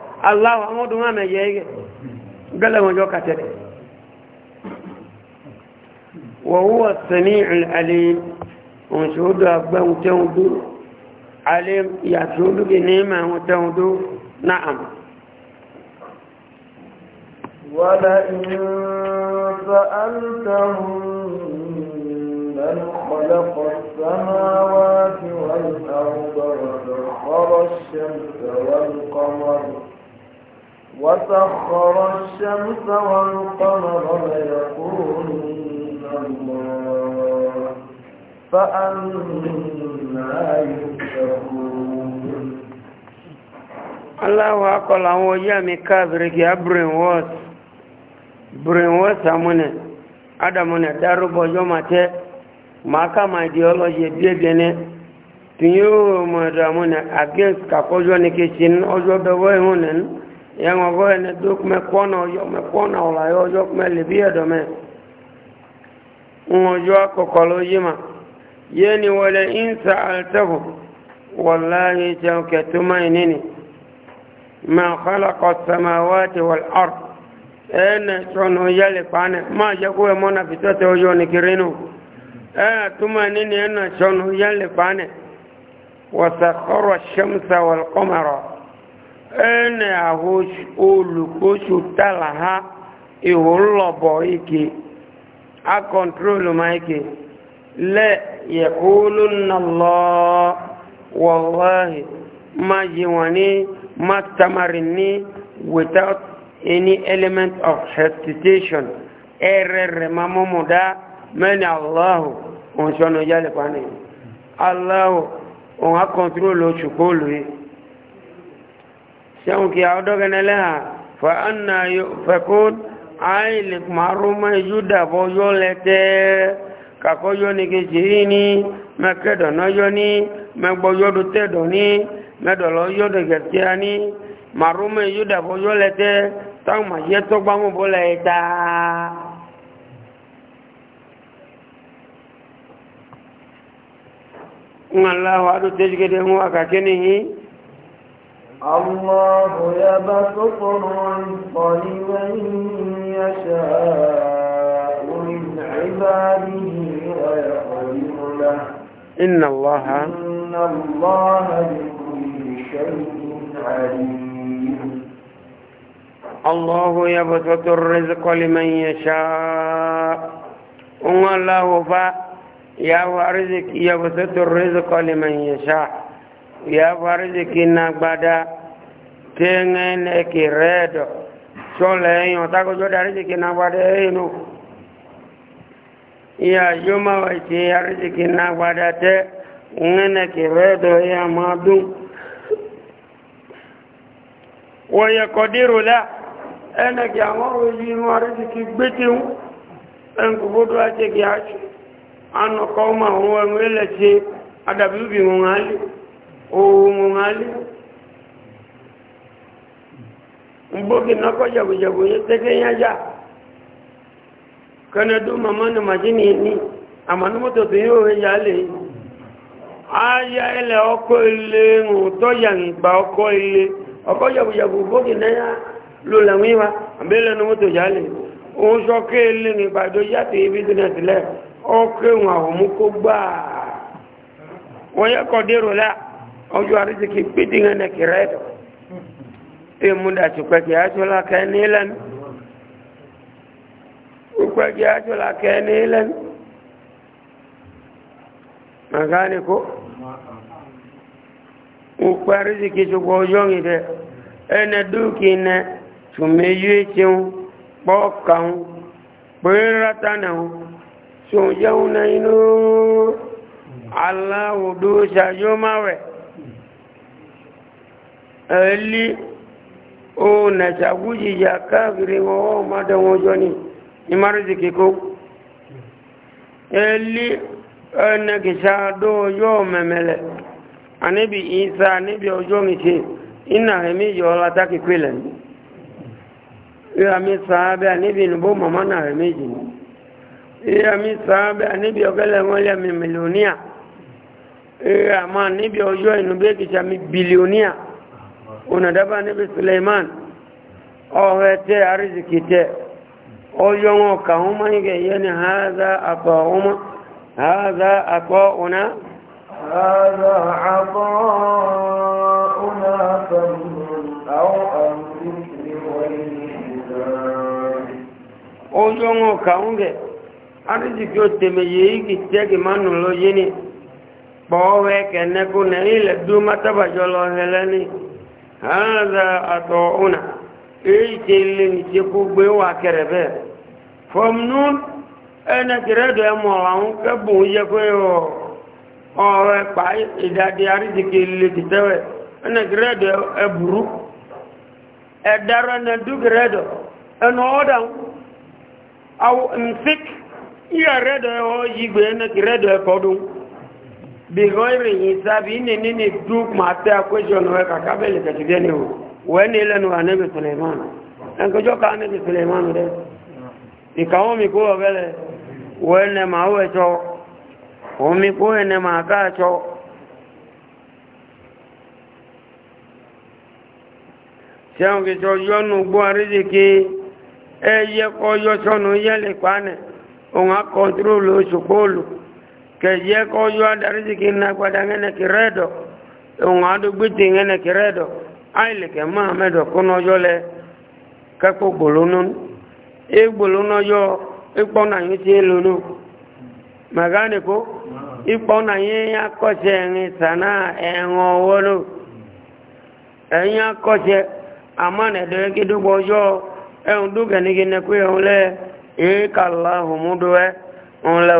[SPEAKER 2] aláwọ̀ àwọn ọdún àmì ẹ̀yẹ ẹ̀yẹ gẹ́lẹ̀ wọn jọ kàtẹ́lẹ̀ wọ̀wọ́ sẹ̀ní alẹ́ òṣòdó agbẹ́hun tẹ́hun dó alẹ́ ìyàṣòdó ní ẹ̀mà àwọn tẹ́hun dó náà
[SPEAKER 1] ولئن سألتهم من خلق السماوات والأرض وسخر والقمر وسخر الشمس والقمر ليكونن الله فأنا يؤفكون
[SPEAKER 2] aláwọ̀ akọlọ àwọn oyé àmì káàbìrì kí á brainwash brainwash àmúnẹ̀ adàmúnẹ̀ dárúbọ̀ yọ́ máa tẹ́ máa ká máa di ọlọ́yẹ bíẹ́bíẹ́nẹ́ tí yóò mọ̀ ẹ̀dọ̀ àmúnẹ̀ against kàkọ́jọ́ ní kí ṣe ọjọ́ bẹ̀wọ́ ìhùn nẹ́nu yẹn ọgọ́ ẹni dó mẹ kọ́nà ọyọ mẹ kọ́nà ọ̀làyọ ọjọ́ mẹ lèbi ẹ̀dọ̀ mẹ ńwọjọ́ akọ̀kọ̀ ló yí ma yé ni wọlé ìnsà àlùtẹ́kù wọláyé jẹun kẹtùmá ìníní mẹ ọ̀kọ́lọ́kọ̀ sàmáwáàtì wọlé ọ̀r ẹnẹ sọnù yẹlẹ pàánẹ máa jẹ kó ẹ mọ́nà fìtọ́tẹ̀ ọjọ́ ní kiri nù ẹnẹ túmọ̀ níní ẹnẹ sọnù yẹlẹ pàánẹ wọ́sàkọ́rọ̀ ṣẹ́mùsà wọlé kọ́mọ̀rọ̀. ene ahụ olukposu tala ha ihu lọbọ ike a kọntrol ma ike le yekulu lọ wallahi ma ji jiwani ma ni without any element of hesitation erere ma mumuda meni allahu onsono yale pani allahu on a kọntrolu oṣù kóòlù sẹ́wọ̀n kí àwọn dọ́gẹ́ nílẹ̀ fa anna fẹ́kó àìlè márùn-ún ẹjú dàbọ̀ yọ lẹ́tẹ́ kakọ́ yọ ní kejì yìí ní mẹ́kẹ́dọ̀nà yọ ní mẹ́gbọ́ yọdún tẹ́dọ̀ ní mẹ́dọ̀lọ́ yọdún gẹ̀ẹ́sìá ní márùn-ún ẹjú ń aláwọ̀ adó tẹ́jú gẹ́gẹ́ wọn kàkẹ́ nìyí.
[SPEAKER 1] الله يبسط الرزق لمن يشاء من عباده ويقدر له
[SPEAKER 2] إن الله
[SPEAKER 1] إن الله لكل شيء عليم
[SPEAKER 2] الله يبسط الرزق لمن يشاء الله فا يا رزق يبسط الرزق لمن يشاء ya fariziki na gbada tenge ne ki redo sole yon tako jo dariziki na gbada inu eh, ya yuma wa ti ya riziki na gbada te ngene ki redo ya madu wa yakdiru la ene ki amoru yinu riziki gbetin en ko bodu ache ki achi anu koma huwa ngele ti adabi bi ngali ohun alẹ́ gbógi nọ́kọ́ jẹ̀bùjẹ̀bù yẹ ya yájá kẹ́nẹ́dú mama ní màjíní ní àmànúmọ́tò tó A rẹ̀ yà lè ayá ilẹ̀ ilé ń tọ́ yàǹgbà ilé ọkọ̀ jẹ̀bùjẹ̀bù gbógi náà ló lẹ́wìn wa àbẹ́lẹ̀ ní mọ́tò yà lè òun sọ́kẹ́ ilé àwọn yẹ dérò ọjọ́ àríjìkì pídìyàn ní kìrẹ́ ẹ̀dọ̀ èmúdà tí pẹ̀kì ájọ́lá kẹ́ ní lẹ́nu pẹ̀kì ájọ́lá kẹ́ ní lẹ́nu mẹ̀káníkó òpẹ́ àríjìkì ṣùgbọ́ ọjọ́ ìdẹ ẹnẹ dúkì nẹ tùmẹ̀yú ẹ̀tíun pọ́ọ̀kàun pẹ́rẹ́tánẹ̀un ṣòun jẹun náà inú aláwòdó ṣàjọ́máwẹ̀ ẹ̀ẹ́lí ó nàṣàgújì ìyà káàkiri wọn wọ́n má dẹ̀wọ̀n ọjọ́ ní ìmárùsì kíkó ẹ̀ẹ́lí ẹ̀ẹ́nẹ́gìṣà dó ọjọ́ mẹ̀mẹ̀lẹ̀ àníbi ìsà níbi ọjọ́ ìṣe iná ẹ̀mí yọ ní àníbi màmá náà jì ní àníbi wọn níbi mi una daba nabi suleiman oo weete arisikite o yongo ka huma nge yeni haza apa huma haza apa una
[SPEAKER 1] haza apa una au
[SPEAKER 2] o yongo ka unge arisi kyo teme yei ki tegi manu lo yini po weke neku ne ile du mataba jolo heleni hàdà àtọ̀ ọ̀nà èyí tẹ lè ní tí kú gbé wà kẹrẹ bẹ́ẹ̀ fọmnú ẹnẹ kẹrẹ dọ̀ ẹ mọ̀ àwọn kẹbùn yẹ pé ọ̀rọ̀ ẹ̀pà ìdádé àríṣìkè lè ti tẹ́wẹ̀ ẹnẹ kẹrẹ dọ̀ ẹ burú ẹ̀dàrọ̀ ẹnẹ dú kẹrẹ dọ̀ ẹnu ọ̀dà àwọn mfik yíyà rẹ̀ dọ̀ ẹ ọ̀ yí gbé ẹnẹ kẹrẹ dọ̀ ẹ kọ́dún bighoiri hisabi ine nini duk mata question wa kakabele katigeni ni wani ile ni anabi Suleiman angojo ka anabi Suleiman de ikawo mi ko vele wene mawe cho omi ko ene maka cho seonge cho yonu gbo ariziki eye ko yo sonu yele kwane on keje ko yua dariziki na kwada ngene kiredo ungadu biti ngene kiredo aile ke mamedo kuno yole kako bulunun e buluno e e yo ipo na yin ti ko ipo na yin akose sana enwo amane de kidu bojo ni gine le e mudwe la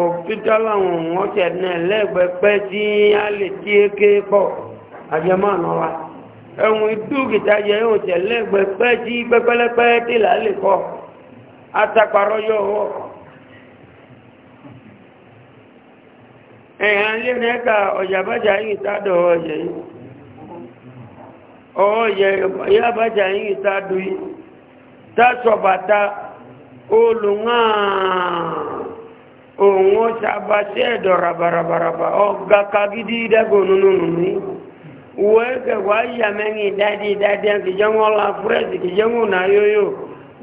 [SPEAKER 2] hospital àwọn wọ́n tẹ̀ náà lẹ́gbẹ̀ẹ́ pẹ́ tí a lè tí éké pọ̀ àjẹmọ́nà wa ẹ̀wọ̀n ìdúkìtà yẹ yóò tẹ̀ lẹ́gbẹ̀ẹ́ pẹ́ tí pẹ́pẹ́lẹ́pẹ́ tí là lè kọ́ ataparọ́ yọ ọwọ́ ẹ̀yà ń lé nẹ́ka ọ̀jàbájà yìí tádọ̀ ọ̀yẹ̀ yìí ọ̀yẹ̀ yàbájà yìí tádọ̀ yìí tásọ̀bàtà olùwọ̀n òun ó sábà sí ẹ̀dọ̀ rabarabaraba ọ̀gá kagidi dị nùnùmí wọ́n ẹ̀kẹ́ wá yà mẹ́rin dáadé dáadé kìjẹ́ wọn la fúrẹ́sì kìjẹ́ wọn náà yóyó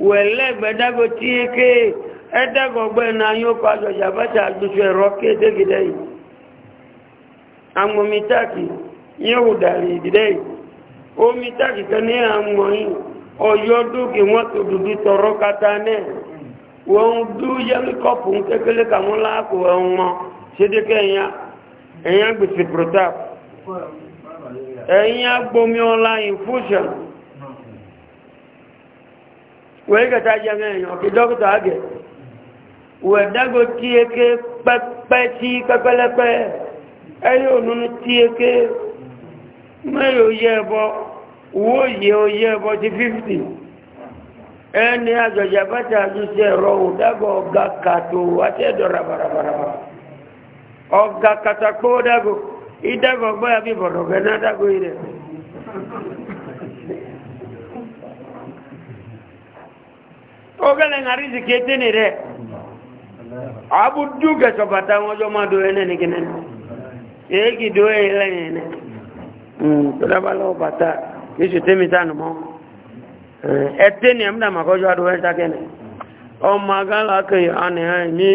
[SPEAKER 2] wọ́n ẹlẹ́gbẹ́ dágò tí éké ẹ̀dẹ́gbọ̀gbẹ́ náà yóò omi táàkì kan tọrọ wọn du yẹli kɔpu kékeré kàmú la kó ẹwọn mọ sédèké ẹnya
[SPEAKER 3] ẹnya gbèsè protap
[SPEAKER 2] ẹnya gbomiọla infusion wọ́n kẹta jẹ́ ẹ̀yàn kí dókítà àgẹ̀ wọ́n dágbò tí eke pẹ́pẹ́ tí pẹ́pẹ́lẹ́pẹ́ ẹ̀yọ́ ònúnú tí eke mẹ́rin oyé ẹbọ owó òyè oyé ẹbọ ti 50 ẹni agbẹjà bàtà dùsẹ rọ o dàgbọ ọgá kàtó àti ẹdọ rabarabaraba ọgá katakpo dàgbọ ìdàgbọ gbọyà bí bọdọ bẹ náà dàgbọ yìí dẹ. o gẹlẹ ń arizi kété ni dẹ abu du gẹsọ bàtà wọn jọ máa do yẹn nẹni kí nẹni èyí kì í do yẹn lẹyìn nẹ. Hmm, tó dábàá lọ bàtà kí sùté mi sànù mọ́. ẹtẹ́ eh, ni ẹ̀mdà màkọ́jọ́ adúwẹ́ ìtàkẹ́nẹ̀ ọmọ agálà kẹyà ànìyà ní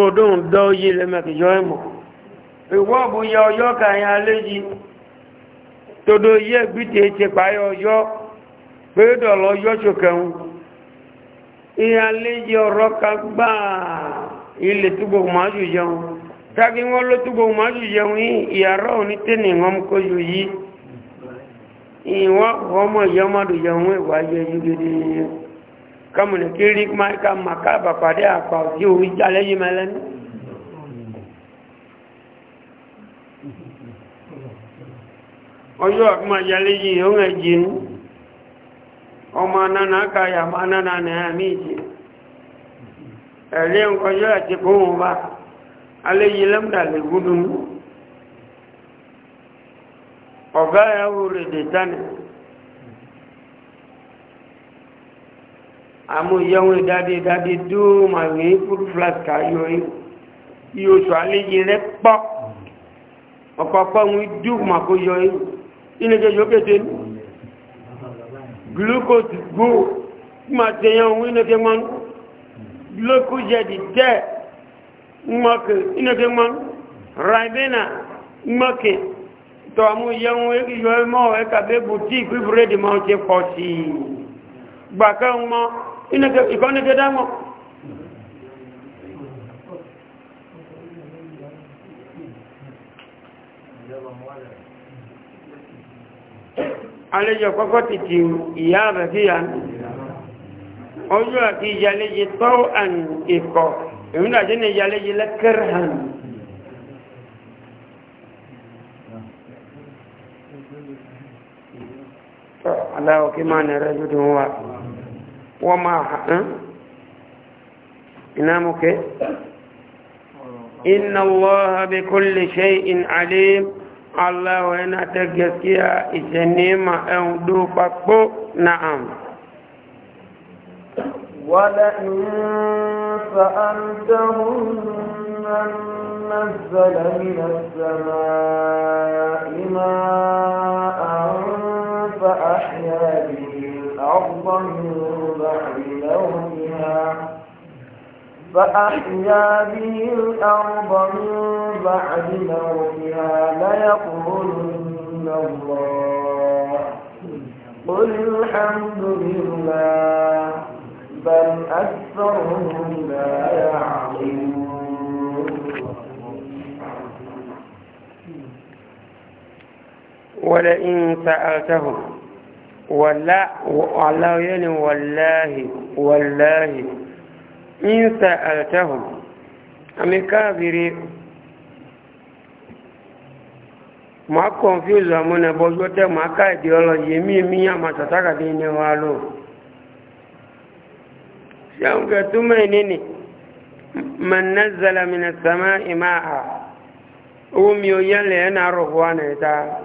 [SPEAKER 2] ọdún dọ́ yìí lẹ́mẹ̀kẹjọ́ ẹ̀mọ̀ ìwọ́bù yẹ ọjọ́ kàyà léjì todo yẹ gbítẹ̀ ọjọ́ ọjọ́ ìyà léjì ọ̀rọ̀ ilẹ̀ túbọ̀ màájú jẹun ló túbọ̀ màájú jẹun yìí ìyàrá òní yìí ìwọ́n ọmọ ìyọmọdù yọun ìwà ayé yúgede kọmùnì kí rí máìka màkà àbàpàdé àpà òjí orí jálẹ́ yìí mẹ́lẹ́nu ọjọ́ àkúmà jálẹ́ yìí ó ń ẹ̀jì ní ọmọ anáná káyà má anáná náà mí ẹ̀rí ọ̀gá ẹ̀ ń rè dè tánì àmú ìyẹ́wò ìdádé ìdádé dúró ìwé fúdú flask ayọ̀ yìí oṣù àlejò rẹ̀ pọ̀ ọ̀pọ̀ pọ̀ ń dúró mà kó yọ yìí ìlẹ́jẹ̀ yóò kéde ní glucose go ma ṣe yan òun ìlẹ́jẹ̀ mọ́ glucose jẹ́ di jẹ́ mọ́kè ìlẹ́jẹ̀ mọ́ ribena mọ́kè tọ́ amú yẹun yọ mọ́ ẹkàbẹ́ boutique búrẹ́dì mọ́ ṣe pọ̀ sí i gbà kẹ́hùn mọ́ ìkọ́nẹ́kẹ́ dámọ̀ alẹ́jọ kọ́kọ́ ti ti ìyá rẹ̀ sí ya ọjọ́ àti ìyàlẹ́jẹ tọ́ àn ìkọ̀ èmìnà jẹ́ ìyàlẹ́jẹ lẹ́kẹ́rẹ̀ hàn aláwọ̀ kí máa nẹ̀rẹ́ jù dùn wá wọ́n máa hàn iná mú ké iná lọ́ha bí kó lè ṣe in alé aláwọ̀ iná tẹ́ gẹ̀ẹ́síà ìṣẹ̀níma ẹ̀hùn dúpá pó náà
[SPEAKER 1] ولئن سألتهم من نزل من السماء ماء أحيا به الأرض من بعد موتها فأحيا به الأرض من بعد موتها ليقولن الله قل الحمد لله بل أكثرهم لا يعقلون
[SPEAKER 2] ولئن سألتهم wala Allah yani wallahi wallahi in sa'altahum ami kafiri ma confuse amuna bojo te ma ka ideology mi mi ya ma tataka de ni wa lo siam ga tume nini man nazzala min as-sama'i ma'a umi yale na rohwana ta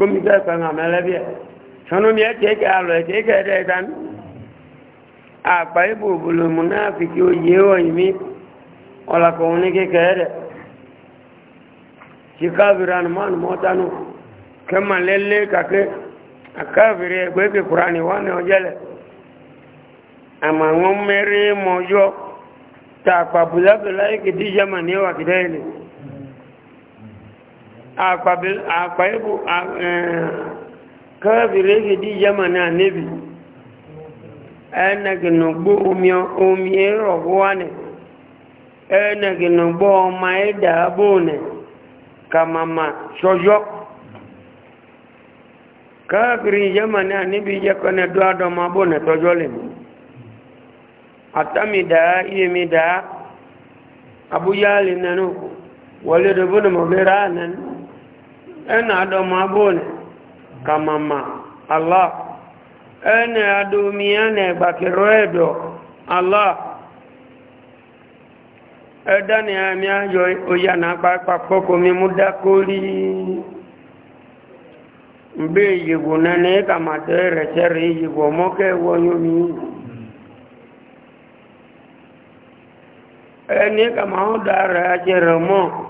[SPEAKER 2] kómítà kan àmẹ́lẹ́bí ẹ̀ sọ́nùmí ẹ̀ tẹ́kẹ́ alọ̀ ẹ̀ tẹ́kẹ́ ẹ̀ tẹ́kẹ́ tán àpá ibò òbòlò mú náà fi kí ó yé ọ̀yìn mi ọ̀làkọ̀ òun ní kékẹ́ ẹ̀ rẹ̀ ṣìkáàbìrì ànùmọ́nù mọ́tánù kẹ́mà lẹ́lẹ́ kàkẹ́ àkáàbìrì ẹgbẹ́ kékùrà ní wọ́n ní ọjẹ́lẹ̀ àmà wọn mẹ́rin mọ́jọ́ tàpàbùlábìlá ìkìdí jẹ́mà níwà kìdẹ́ ilẹ̀ àpàbẹ̀lẹ́gbò kẹ́rẹ̀bìlẹ́gì dí yẹ́mọ̀ní ànẹ́bì ẹnẹ̀gìnàgbó omi ẹ̀rọ̀gbọ́wánẹ̀ ẹnẹ̀gìnàgbó ọmọ ẹ̀dàbóònẹ̀ kàmàmà ṣọjọ́ kẹ́rẹ̀bìlẹ́ yẹ́mọ̀ní ànẹ́bì yẹ́kọ́nẹ̀ dọ́adọ́mabóònẹ̀ tọjọ́ lẹ́mù àtàmìdàá iyèmìdàá abúyálì nanú wọlé ẹnà àdọmọ abóòlù kàmàmà allah ẹnà àdọmí ẹnà ìgbàkẹrọ ẹdọ allah ẹdá ni àmì ayọ oyà náà pàápàá kò mi mú dákórí mbe yìgbò nẹni kàmàtẹ rẹ sẹrí yìgbò mọkẹ wọnyọmi ẹni kàmà ó mọ.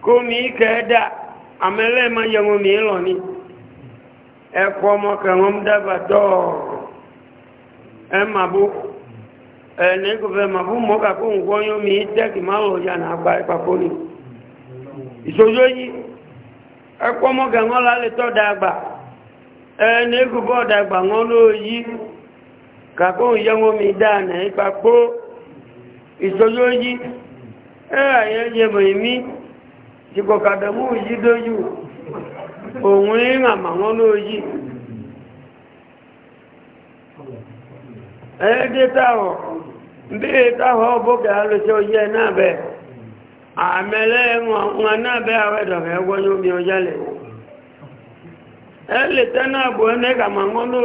[SPEAKER 2] komi kẹda amẹlẹ ma yẹ wọn mi lọ ni ẹkọ ọmọ kẹwọn daba dọọ ẹ ma bo ẹ ní kò fẹ ma bo mọ kakó nǹkan yọ mi tẹkì má lọ yà nà gba ìpàkó ni ìṣojú yìí ẹkọ ọmọ kẹwọn lálẹ tọ dàgbà ẹ kò bọ dàgbà wọn ló yí kakó yẹ wọn mi dà nà ìpàkó ìṣojú yìí ẹ àyẹ̀yẹ̀ mọ̀ èmi. chịkọkadamu oyi doju onwe ịṅa ma nwọ n'oyi edeta ọ ndị eta ahụ ọbụ ka ha lụcha na-abịa àmẹ́lẹ́ wọn náà bẹ́ àwẹ́dọ̀fẹ́ wọ́nyó mi ọjọ́ lẹ̀ ẹ lè tẹ́nà bò ẹ́nẹ́ kàmà wọ́n ló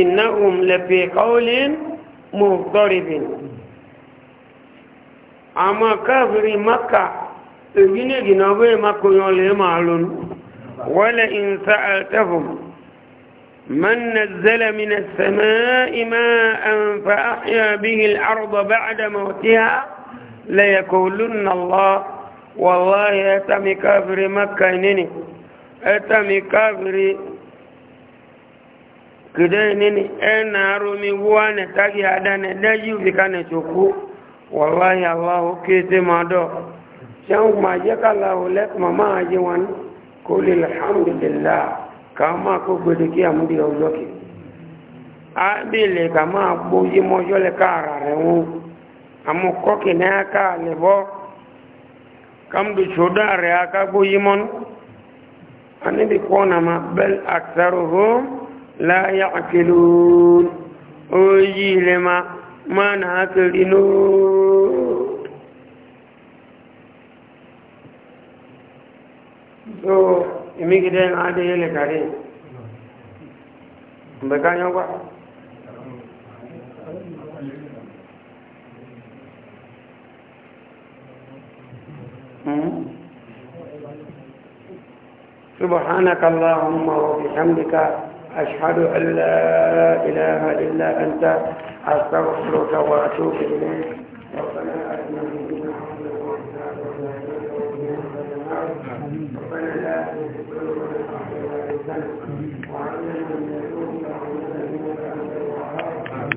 [SPEAKER 2] iná òun lẹ́pẹ̀ kọ́ọ̀lì mọ̀ gọ́rìbìn àmọ́ káàkiri maka ولئن سألتهم من نزل من السماء ماء فأحيا به الأرض بعد موتها ليقولن الله والله أتمي كافري مكة إنني أتمي كافري كده إنني أنا رومي وانا تاجي هذا نداجي وفي كان والله الله كيتي مادو can kuma je kala wule mama aje wani ko lil hamdulillah ka ma ko gbede ki amudi ojo ki a bi le ka ma gbo yi mo yo le ka ara re wu amu ko ki na ka le bo kam du choda re aka gbo yi mon ani bi ko na ma bel aktharuhum la ya'qilun o yi le ma akilinu so سبحانك اللهم وبحمدك أشهد أن لا إله إلا أنت أستغفرك وأتوب إليك
[SPEAKER 3] ربنا أجمعين